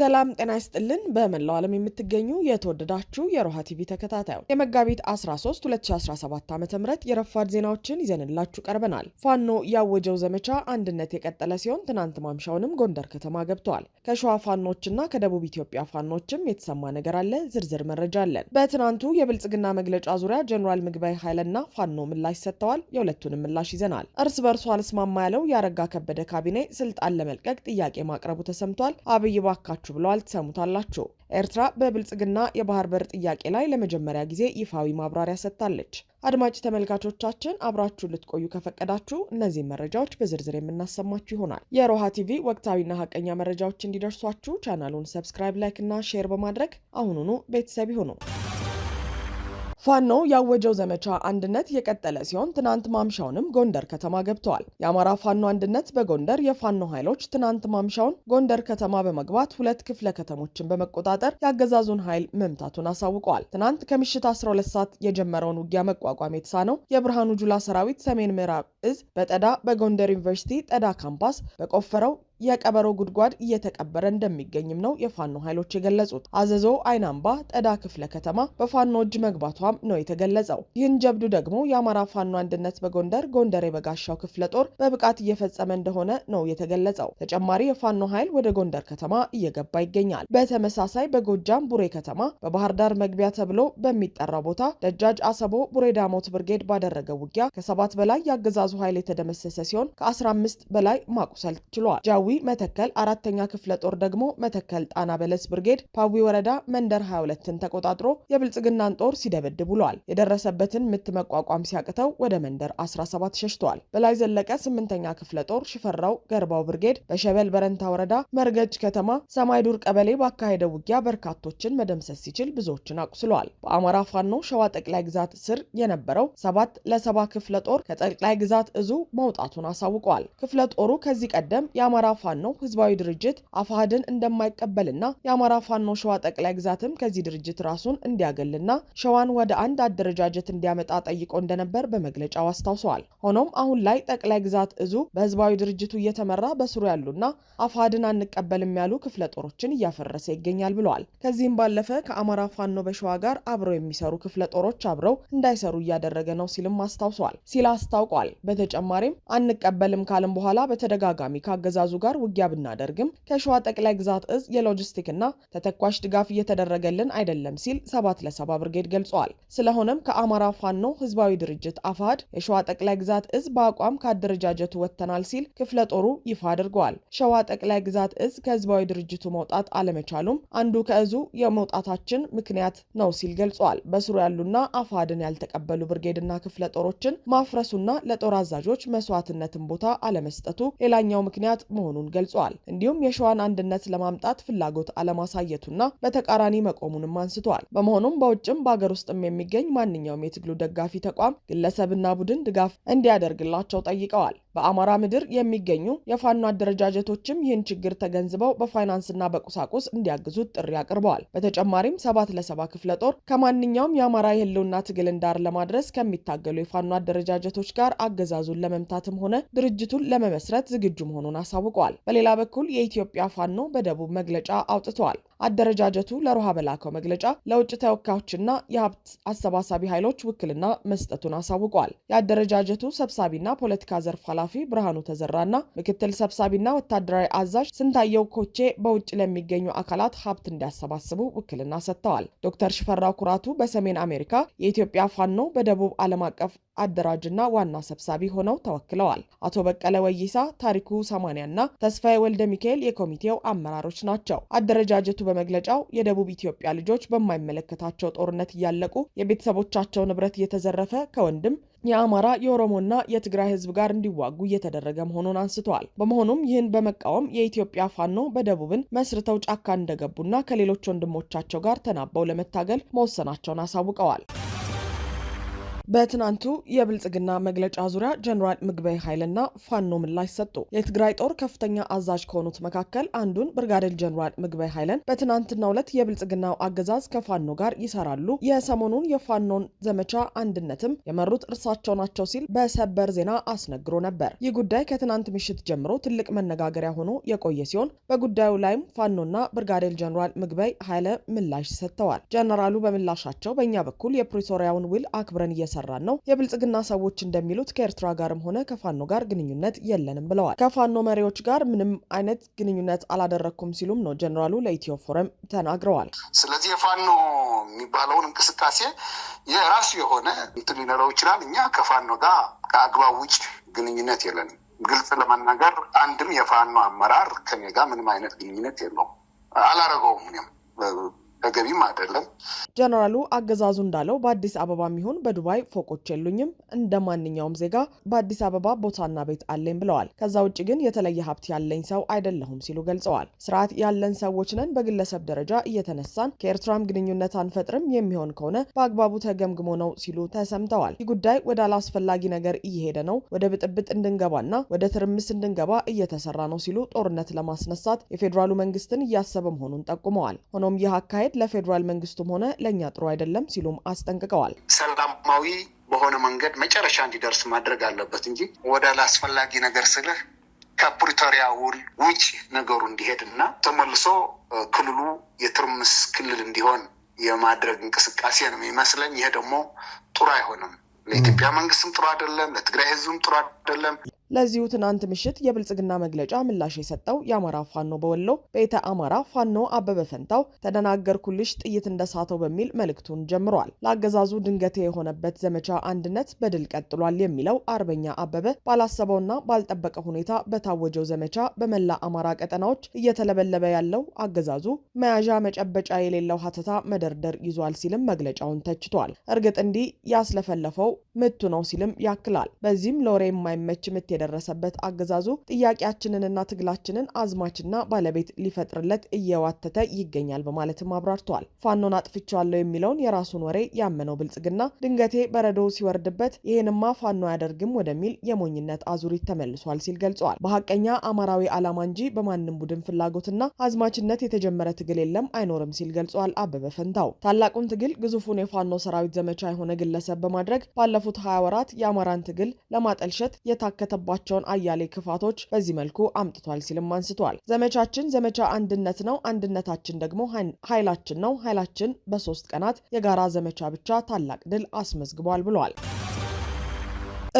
ሰላም ጤና ይስጥልን። በመላው ዓለም የምትገኙ የተወደዳችሁ የሮሃ ቲቪ ተከታታዩ የመጋቢት 13 2017 ዓ ም የረፋድ ዜናዎችን ይዘንላችሁ ቀርበናል። ፋኖ ያወጀው ዘመቻ አንድነት የቀጠለ ሲሆን ትናንት ማምሻውንም ጎንደር ከተማ ገብተዋል። ከሸዋ ፋኖችና ከደቡብ ኢትዮጵያ ፋኖችም የተሰማ ነገር አለ። ዝርዝር መረጃ አለን። በትናንቱ የብልጽግና መግለጫ ዙሪያ ጀኔራል ምግባይ ኃይለና ፋኖ ምላሽ ሰጥተዋል። የሁለቱንም ምላሽ ይዘናል። እርስ በርሱ አልስማማ ያለው የአረጋ ከበደ ካቢኔ ስልጣን ለመልቀቅ ጥያቄ ማቅረቡ ተሰምቷል። አብይ ባካችሁ ናችሁ ብለዋል። ትሰሙታላችሁ። ኤርትራ በብልጽግና የባህር በር ጥያቄ ላይ ለመጀመሪያ ጊዜ ይፋዊ ማብራሪያ ሰጥታለች። አድማጭ ተመልካቾቻችን አብራችሁ ልትቆዩ ከፈቀዳችሁ እነዚህ መረጃዎች በዝርዝር የምናሰማችሁ ይሆናል። የሮሃ ቲቪ ወቅታዊና ሀቀኛ መረጃዎች እንዲደርሷችሁ ቻናሉን ሰብስክራይብ፣ ላይክ እና ሼር በማድረግ አሁኑኑ ቤተሰብ ይሁኑ። ፋኖ ያወጀው ዘመቻ አንድነት የቀጠለ ሲሆን ትናንት ማምሻውንም ጎንደር ከተማ ገብተዋል። የአማራ ፋኖ አንድነት በጎንደር የፋኖ ኃይሎች ትናንት ማምሻውን ጎንደር ከተማ በመግባት ሁለት ክፍለ ከተሞችን በመቆጣጠር የአገዛዙን ኃይል መምታቱን አሳውቀዋል። ትናንት ከምሽት 12 ሰዓት የጀመረውን ውጊያ መቋቋም የተሳነው የብርሃኑ ጁላ ሰራዊት ሰሜን ምዕራብ እዝ በጠዳ በጎንደር ዩኒቨርሲቲ ጠዳ ካምፓስ በቆፈረው የቀበሮ ጉድጓድ እየተቀበረ እንደሚገኝም ነው የፋኖ ኃይሎች የገለጹት። አዘዞ አይናምባ ጠዳ ክፍለ ከተማ በፋኖ እጅ መግባቷም ነው የተገለጸው። ይህን ጀብዱ ደግሞ የአማራ ፋኖ አንድነት በጎንደር ጎንደር የበጋሻው ክፍለ ጦር በብቃት እየፈጸመ እንደሆነ ነው የተገለጸው። ተጨማሪ የፋኖ ኃይል ወደ ጎንደር ከተማ እየገባ ይገኛል። በተመሳሳይ በጎጃም ቡሬ ከተማ በባህር ዳር መግቢያ ተብሎ በሚጠራው ቦታ ደጃጅ አሰቦ ቡሬ ዳሞት ብርጌድ ባደረገው ውጊያ ከሰባት በላይ የአገዛዙ ኃይል የተደመሰሰ ሲሆን ከ15 በላይ ማቁሰል ችሏል። ጃዊ ኖላዊ መተከል፣ አራተኛ ክፍለ ጦር ደግሞ መተከል ጣና በለስ ብርጌድ ፓዊ ወረዳ መንደር 22ን ተቆጣጥሮ የብልጽግናን ጦር ሲደበድብ ውሏል። የደረሰበትን ምት መቋቋም ሲያቅተው ወደ መንደር 17 ሸሽተዋል። በላይ ዘለቀ ስምንተኛ ክፍለ ጦር ሽፈራው ገርባው ብርጌድ በሸበል በረንታ ወረዳ መርገጭ ከተማ ሰማይ ዱር ቀበሌ ባካሄደው ውጊያ በርካቶችን መደምሰስ ሲችል ብዙዎችን አቁስሏል። በአማራ ፋኖ ሸዋ ጠቅላይ ግዛት ስር የነበረው ሰባት ለሰባ ክፍለ ጦር ከጠቅላይ ግዛት እዙ መውጣቱን አሳውቋል። ክፍለ ጦሩ ከዚህ ቀደም የአማራ ፋኖ ህዝባዊ ድርጅት አፋህድን እንደማይቀበልና የአማራ ፋኖ ሸዋ ጠቅላይ ግዛትም ከዚህ ድርጅት ራሱን እንዲያገልና ሸዋን ወደ አንድ አደረጃጀት እንዲያመጣ ጠይቆ እንደነበር በመግለጫው አስታውሰዋል። ሆኖም አሁን ላይ ጠቅላይ ግዛት እዙ በህዝባዊ ድርጅቱ እየተመራ በስሩ ያሉና አፋህድን አንቀበልም ያሉ ክፍለ ጦሮችን እያፈረሰ ይገኛል ብለዋል። ከዚህም ባለፈ ከአማራ ፋኖ በሸዋ ጋር አብረው የሚሰሩ ክፍለ ጦሮች አብረው እንዳይሰሩ እያደረገ ነው ሲልም አስታውሰዋል ሲል አስታውቋል። በተጨማሪም አንቀበልም ካልም በኋላ በተደጋጋሚ ከአገዛዙ ጋር ጋር ውጊያ ብናደርግም ከሸዋ ጠቅላይ ግዛት እዝ የሎጂስቲክና ተተኳሽ ድጋፍ እየተደረገልን አይደለም ሲል ሰባት ለሰባ ብርጌድ ገልጸዋል። ስለሆነም ከአማራ ፋኖ ህዝባዊ ድርጅት አፋድ የሸዋ ጠቅላይ ግዛት እዝ በአቋም ከአደረጃጀቱ ወጥተናል ሲል ክፍለ ጦሩ ይፋ አድርገዋል። ሸዋ ጠቅላይ ግዛት እዝ ከህዝባዊ ድርጅቱ መውጣት አለመቻሉም አንዱ ከእዙ የመውጣታችን ምክንያት ነው ሲል ገልጿል። በስሩ ያሉና አፋድን ያልተቀበሉ ብርጌድና ክፍለ ጦሮችን ማፍረሱና ለጦር አዛዦች መስዋዕትነትን ቦታ አለመስጠቱ ሌላኛው ምክንያት መሆኑ መሆኑን ገልጿል። እንዲሁም የሸዋን አንድነት ለማምጣት ፍላጎት አለማሳየቱና በተቃራኒ መቆሙንም አንስተዋል። በመሆኑም በውጭም በአገር ውስጥም የሚገኝ ማንኛውም የትግሉ ደጋፊ ተቋም ግለሰብና ቡድን ድጋፍ እንዲያደርግላቸው ጠይቀዋል። በአማራ ምድር የሚገኙ የፋኖ አደረጃጀቶችም ይህን ችግር ተገንዝበው በፋይናንስና በቁሳቁስ እንዲያግዙት ጥሪ አቅርበዋል። በተጨማሪም ሰባት ለሰባ ክፍለ ጦር ከማንኛውም የአማራ የህልውና ትግልን ዳር ለማድረስ ከሚታገሉ የፋኖ አደረጃጀቶች ጋር አገዛዙን ለመምታትም ሆነ ድርጅቱን ለመመስረት ዝግጁ መሆኑን አሳውቀዋል። ተናግረዋል። በሌላ በኩል የኢትዮጵያ ፋኖ በደቡብ መግለጫ አውጥተዋል። አደረጃጀቱ ለሮሃ በላከው መግለጫ ለውጭ ተወካዮችና የሀብት አሰባሳቢ ኃይሎች ውክልና መስጠቱን አሳውቋል። የአደረጃጀቱ ሰብሳቢና ፖለቲካ ዘርፍ ኃላፊ ብርሃኑ ተዘራና ምክትል ሰብሳቢና ወታደራዊ አዛዥ ስንታየው ኮቼ በውጭ ለሚገኙ አካላት ሀብት እንዲያሰባስቡ ውክልና ሰጥተዋል። ዶክተር ሽፈራው ኩራቱ በሰሜን አሜሪካ የኢትዮጵያ ፋኖ በደቡብ ዓለም አቀፍ አደራጅና ዋና ሰብሳቢ ሆነው ተወክለዋል። አቶ በቀለ ወይሳ፣ ታሪኩ ና ተስፋዬ ወልደ ሚካኤል የኮሚቴው አመራሮች ናቸው። አደረጃጀቱ በመግለጫው የደቡብ ኢትዮጵያ ልጆች በማይመለከታቸው ጦርነት እያለቁ የቤተሰቦቻቸው ንብረት እየተዘረፈ ከወንድም የአማራ የኦሮሞና የትግራይ ህዝብ ጋር እንዲዋጉ እየተደረገ መሆኑን አንስተዋል። በመሆኑም ይህን በመቃወም የኢትዮጵያ ፋኖ በደቡብን መስርተው ጫካ እንደገቡና ከሌሎች ወንድሞቻቸው ጋር ተናበው ለመታገል መወሰናቸውን አሳውቀዋል። በትናንቱ የብልጽግና መግለጫ ዙሪያ ጀኔራል ምግበይ ኃይልና ፋኖ ምላሽ ሰጡ። የትግራይ ጦር ከፍተኛ አዛዥ ከሆኑት መካከል አንዱን ብርጋዴር ጀኔራል ምግበይ ኃይለን በትናንትናው ዕለት የብልጽግናው አገዛዝ ከፋኖ ጋር ይሰራሉ፣ የሰሞኑን የፋኖን ዘመቻ አንድነትም የመሩት እርሳቸው ናቸው ሲል በሰበር ዜና አስነግሮ ነበር። ይህ ጉዳይ ከትናንት ምሽት ጀምሮ ትልቅ መነጋገሪያ ሆኖ የቆየ ሲሆን በጉዳዩ ላይም ፋኖና ብርጋዴር ጀኔራል ምግበይ ኃይለ ምላሽ ሰጥተዋል። ጀኔራሉ በምላሻቸው በእኛ በኩል የፕሪቶሪያውን ውል አክብረን እየሰ እየሰራን ነው። የብልጽግና ሰዎች እንደሚሉት ከኤርትራ ጋርም ሆነ ከፋኖ ጋር ግንኙነት የለንም ብለዋል። ከፋኖ መሪዎች ጋር ምንም አይነት ግንኙነት አላደረግኩም ሲሉም ነው ጀኔራሉ ለኢትዮ ፎረም ተናግረዋል። ስለዚህ የፋኖ የሚባለውን እንቅስቃሴ የራሱ የሆነ እንትን ሊኖረው ይችላል። እኛ ከፋኖ ጋር ከአግባብ ውጭ ግንኙነት የለንም። ግልጽ ለመናገር አንድም የፋኖ አመራር ከኔ ጋር ምንም አይነት ግንኙነት የለውም። አላረገውም። ተገቢም አይደለም። ጀነራሉ አገዛዙ እንዳለው በአዲስ አበባ የሚሆን በዱባይ ፎቆች የሉኝም፣ እንደ ማንኛውም ዜጋ በአዲስ አበባ ቦታና ቤት አለኝ ብለዋል። ከዛ ውጭ ግን የተለየ ሀብት ያለኝ ሰው አይደለሁም ሲሉ ገልጸዋል። ስርዓት ያለን ሰዎች ነን፣ በግለሰብ ደረጃ እየተነሳን ከኤርትራም ግንኙነት አንፈጥርም፣ የሚሆን ከሆነ በአግባቡ ተገምግሞ ነው ሲሉ ተሰምተዋል። ይህ ጉዳይ ወደ አላስፈላጊ ነገር እየሄደ ነው፣ ወደ ብጥብጥ እንድንገባና ወደ ትርምስ እንድንገባ እየተሰራ ነው ሲሉ ጦርነት ለማስነሳት የፌዴራሉ መንግስትን እያሰበ መሆኑን ጠቁመዋል። ሆኖም ይህ አካሄድ ለፌዴራል መንግስቱም ሆነ ለእኛ ጥሩ አይደለም ሲሉም አስጠንቅቀዋል። ሰላማዊ በሆነ መንገድ መጨረሻ እንዲደርስ ማድረግ አለበት እንጂ ወደ ላስፈላጊ ነገር ስልህ ከፕሪቶሪያ ውል ውጭ ነገሩ እንዲሄድ እና ተመልሶ ክልሉ የትርምስ ክልል እንዲሆን የማድረግ እንቅስቃሴ ነው የሚመስለኝ። ይሄ ደግሞ ጥሩ አይሆንም። ለኢትዮጵያ መንግስትም ጥሩ አይደለም፣ ለትግራይ ህዝብም ጥሩ አይደለም። ለዚሁ ትናንት ምሽት የብልጽግና መግለጫ ምላሽ የሰጠው የአማራ ፋኖ በወሎ ቤተ አማራ ፋኖ አበበ ፈንታው ተደናገርኩልሽ ጥይት እንደሳተው በሚል መልእክቱን ጀምሯል። ለአገዛዙ ድንገቴ የሆነበት ዘመቻ አንድነት በድል ቀጥሏል የሚለው አርበኛ አበበ ባላሰበውና ባልጠበቀ ሁኔታ በታወጀው ዘመቻ በመላ አማራ ቀጠናዎች እየተለበለበ ያለው አገዛዙ መያዣ መጨበጫ የሌለው ሀተታ መደርደር ይዟል ሲልም መግለጫውን ተችቷል። እርግጥ እንዲህ ያስለፈለፈው ምቱ ነው ሲልም ያክላል። በዚህም ለወሬ የማይመች ምት የደረሰበት አገዛዙ ጥያቄያችንንና ትግላችንን አዝማችና ባለቤት ሊፈጥርለት እየዋተተ ይገኛል በማለትም አብራርተዋል። ፋኖን አጥፍቻለሁ የሚለውን የራሱን ወሬ ያመነው ብልጽግና ድንገቴ በረዶ ሲወርድበት ይህንማ ፋኖ አያደርግም ወደሚል የሞኝነት አዙሪት ተመልሷል ሲል ገልጸዋል። በሀቀኛ አማራዊ ዓላማ እንጂ በማንም ቡድን ፍላጎትና አዝማችነት የተጀመረ ትግል የለም አይኖርም ሲል ገልጸዋል። አበበ ፈንታው ታላቁን ትግል ግዙፉን የፋኖ ሰራዊት ዘመቻ የሆነ ግለሰብ በማድረግ ባለፉት ሀያ ወራት የአማራን ትግል ለማጠልሸት የታከተባ የደረሰባቸውን አያሌ ክፋቶች በዚህ መልኩ አምጥቷል ሲልም አንስቷል። ዘመቻችን ዘመቻ አንድነት ነው፣ አንድነታችን ደግሞ ኃይላችን ነው። ኃይላችን በሶስት ቀናት የጋራ ዘመቻ ብቻ ታላቅ ድል አስመዝግቧል ብሏል።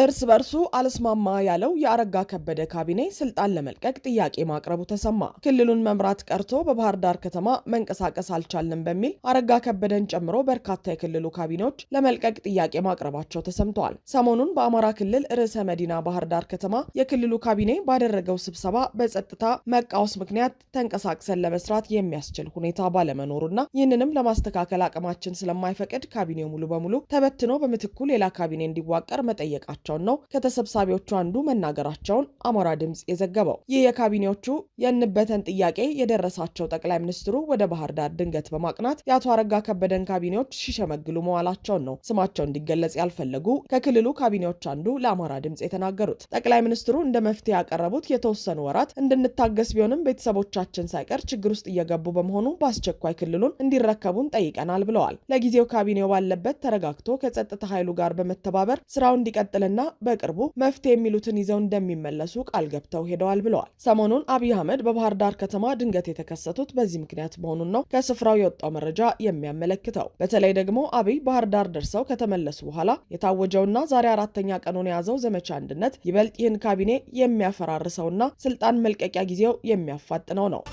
እርስ በርሱ አልስማማ ያለው የአረጋ ከበደ ካቢኔ ስልጣን ለመልቀቅ ጥያቄ ማቅረቡ ተሰማ። ክልሉን መምራት ቀርቶ በባህር ዳር ከተማ መንቀሳቀስ አልቻልንም በሚል አረጋ ከበደን ጨምሮ በርካታ የክልሉ ካቢኔዎች ለመልቀቅ ጥያቄ ማቅረባቸው ተሰምተዋል። ሰሞኑን በአማራ ክልል ርዕሰ መዲና ባህር ዳር ከተማ የክልሉ ካቢኔ ባደረገው ስብሰባ በጸጥታ መቃወስ ምክንያት ተንቀሳቅሰን ለመስራት የሚያስችል ሁኔታ ባለመኖሩና ይህንንም ለማስተካከል አቅማችን ስለማይፈቅድ ካቢኔው ሙሉ በሙሉ ተበትኖ በምትኩ ሌላ ካቢኔ እንዲዋቀር መጠየቃቸው መሆናቸውን ነው ከተሰብሳቢዎቹ አንዱ መናገራቸውን አሞራ ድምፅ የዘገበው። ይህ የካቢኔዎቹ የእንበተን ጥያቄ የደረሳቸው ጠቅላይ ሚኒስትሩ ወደ ባህር ዳር ድንገት በማቅናት የአቶ አረጋ ከበደን ካቢኔዎች ሲሸመግሉ መዋላቸውን ነው ስማቸው እንዲገለጽ ያልፈለጉ ከክልሉ ካቢኔዎች አንዱ ለአማራ ድምፅ የተናገሩት። ጠቅላይ ሚኒስትሩ እንደ መፍትሄ ያቀረቡት የተወሰኑ ወራት እንድንታገስ ቢሆንም ቤተሰቦቻችን ሳይቀር ችግር ውስጥ እየገቡ በመሆኑ በአስቸኳይ ክልሉን እንዲረከቡን ጠይቀናል ብለዋል። ለጊዜው ካቢኔው ባለበት ተረጋግቶ ከጸጥታ ኃይሉ ጋር በመተባበር ስራው እንዲቀጥል እና በቅርቡ መፍትሄ የሚሉትን ይዘው እንደሚመለሱ ቃል ገብተው ሄደዋል ብለዋል። ሰሞኑን አብይ አህመድ በባህር ዳር ከተማ ድንገት የተከሰቱት በዚህ ምክንያት መሆኑን ነው ከስፍራው የወጣው መረጃ የሚያመለክተው። በተለይ ደግሞ አብይ ባህር ዳር ደርሰው ከተመለሱ በኋላ የታወጀውና ዛሬ አራተኛ ቀኑን የያዘው ዘመቻ አንድነት ይበልጥ ይህን ካቢኔ የሚያፈራርሰውና ስልጣን መልቀቂያ ጊዜው የሚያፋጥነው ነው።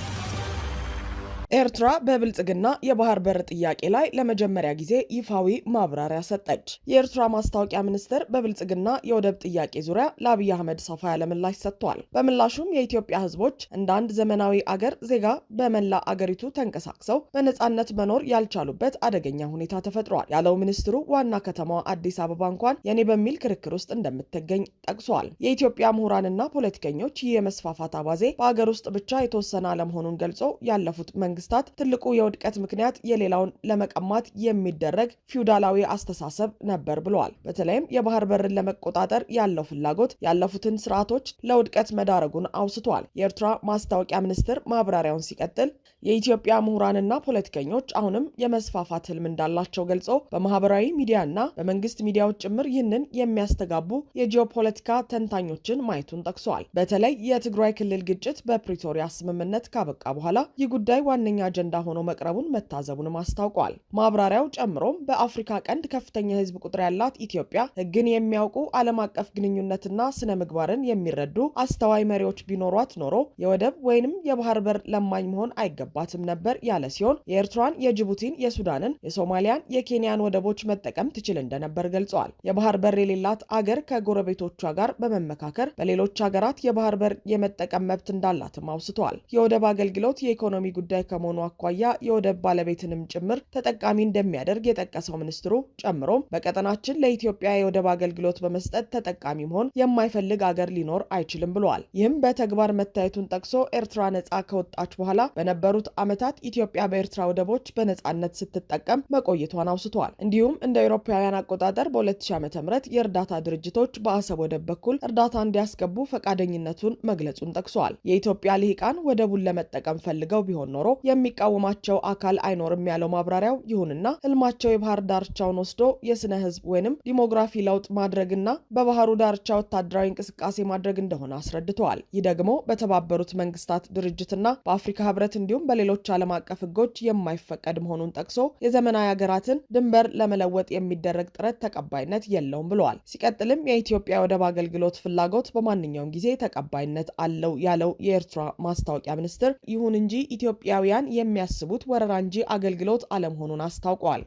ኤርትራ በብልጽግና የባህር በር ጥያቄ ላይ ለመጀመሪያ ጊዜ ይፋዊ ማብራሪያ ሰጠች። የኤርትራ ማስታወቂያ ሚኒስትር በብልጽግና የወደብ ጥያቄ ዙሪያ ለአብይ አህመድ ሰፋ ያለ ምላሽ ሰጥቷል። በምላሹም የኢትዮጵያ ህዝቦች እንደ አንድ ዘመናዊ አገር ዜጋ በመላ አገሪቱ ተንቀሳቅሰው በነጻነት መኖር ያልቻሉበት አደገኛ ሁኔታ ተፈጥሯል ያለው ሚኒስትሩ ዋና ከተማዋ አዲስ አበባ እንኳን የኔ በሚል ክርክር ውስጥ እንደምትገኝ ጠቅሷል። የኢትዮጵያ ምሁራንና ፖለቲከኞች ይህ የመስፋፋት አባዜ በአገር ውስጥ ብቻ የተወሰነ አለመሆኑን ገልጾ ያለፉት መንግስት መንግስታት ትልቁ የውድቀት ምክንያት የሌላውን ለመቀማት የሚደረግ ፊውዳላዊ አስተሳሰብ ነበር ብለዋል። በተለይም የባህር በርን ለመቆጣጠር ያለው ፍላጎት ያለፉትን ስርዓቶች ለውድቀት መዳረጉን አውስተዋል። የኤርትራ ማስታወቂያ ሚኒስትር ማብራሪያውን ሲቀጥል የኢትዮጵያ ምሁራንና ፖለቲከኞች አሁንም የመስፋፋት ህልም እንዳላቸው ገልጾ በማህበራዊ ሚዲያና በመንግስት ሚዲያዎች ጭምር ይህንን የሚያስተጋቡ የጂኦፖለቲካ ተንታኞችን ማየቱን ጠቅሷል። በተለይ የትግራይ ክልል ግጭት በፕሪቶሪያ ስምምነት ካበቃ በኋላ ይህ ጉዳይ ዋና ዋነኛ አጀንዳ ሆኖ መቅረቡን መታዘቡንም አስታውቋል። ማብራሪያው ጨምሮም በአፍሪካ ቀንድ ከፍተኛ የህዝብ ቁጥር ያላት ኢትዮጵያ ህግን የሚያውቁ ዓለም አቀፍ ግንኙነትና ስነ ምግባርን የሚረዱ አስተዋይ መሪዎች ቢኖሯት ኖሮ የወደብ ወይንም የባህር በር ለማኝ መሆን አይገባትም ነበር ያለ ሲሆን የኤርትራን፣ የጅቡቲን፣ የሱዳንን፣ የሶማሊያን፣ የኬንያን ወደቦች መጠቀም ትችል እንደነበር ገልጸዋል። የባህር በር የሌላት አገር ከጎረቤቶቿ ጋር በመመካከር በሌሎች ሀገራት የባህር በር የመጠቀም መብት እንዳላትም አውስተዋል። የወደብ አገልግሎት የኢኮኖሚ ጉዳይ ከ ከመሆኑ አኳያ የወደብ ባለቤትንም ጭምር ተጠቃሚ እንደሚያደርግ የጠቀሰው ሚኒስትሩ ጨምሮም በቀጠናችን ለኢትዮጵያ የወደብ አገልግሎት በመስጠት ተጠቃሚ መሆን የማይፈልግ አገር ሊኖር አይችልም ብለዋል። ይህም በተግባር መታየቱን ጠቅሶ ኤርትራ ነጻ ከወጣች በኋላ በነበሩት ዓመታት ኢትዮጵያ በኤርትራ ወደቦች በነጻነት ስትጠቀም መቆየቷን አውስተዋል። እንዲሁም እንደ አውሮፓውያን አቆጣጠር በ2000 ዓ ም የእርዳታ ድርጅቶች በአሰብ ወደብ በኩል እርዳታ እንዲያስገቡ ፈቃደኝነቱን መግለጹን ጠቅሷል። የኢትዮጵያ ልሂቃን ወደቡን ለመጠቀም ፈልገው ቢሆን ኖሮ የሚቃወማቸው አካል አይኖርም ያለው ማብራሪያው፣ ይሁንና ህልማቸው የባህር ዳርቻውን ወስዶ የስነ ህዝብ ወይንም ዲሞግራፊ ለውጥ ማድረግና በባህሩ ዳርቻ ወታደራዊ እንቅስቃሴ ማድረግ እንደሆነ አስረድተዋል። ይህ ደግሞ በተባበሩት መንግስታት ድርጅትና በአፍሪካ ህብረት እንዲሁም በሌሎች ዓለም አቀፍ ህጎች የማይፈቀድ መሆኑን ጠቅሶ የዘመናዊ ሀገራትን ድንበር ለመለወጥ የሚደረግ ጥረት ተቀባይነት የለውም ብለዋል። ሲቀጥልም የኢትዮጵያ ወደብ አገልግሎት ፍላጎት በማንኛውም ጊዜ ተቀባይነት አለው ያለው የኤርትራ ማስታወቂያ ሚኒስትር፣ ይሁን እንጂ ኢትዮጵያውያን ኢትዮጵያውያን የሚያስቡት ወረራ እንጂ አገልግሎት አለመሆኑን አስታውቋል።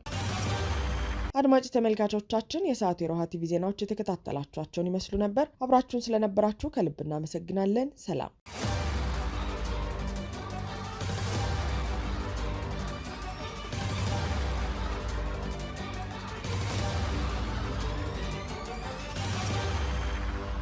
አድማጭ ተመልካቾቻችን የሰዓቱ የሮሃ ቲቪ ዜናዎች የተከታተላችኋቸውን ይመስሉ ነበር። አብራችሁን ስለነበራችሁ ከልብ እናመሰግናለን። ሰላም